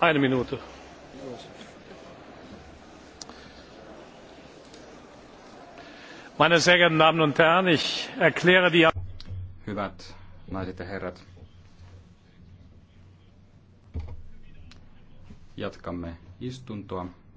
Eine Minute. Meine sehr geehrten Damen und Herren, ich erkläre die... Hyvät naiset ja herrat, jatkamme istuntoa.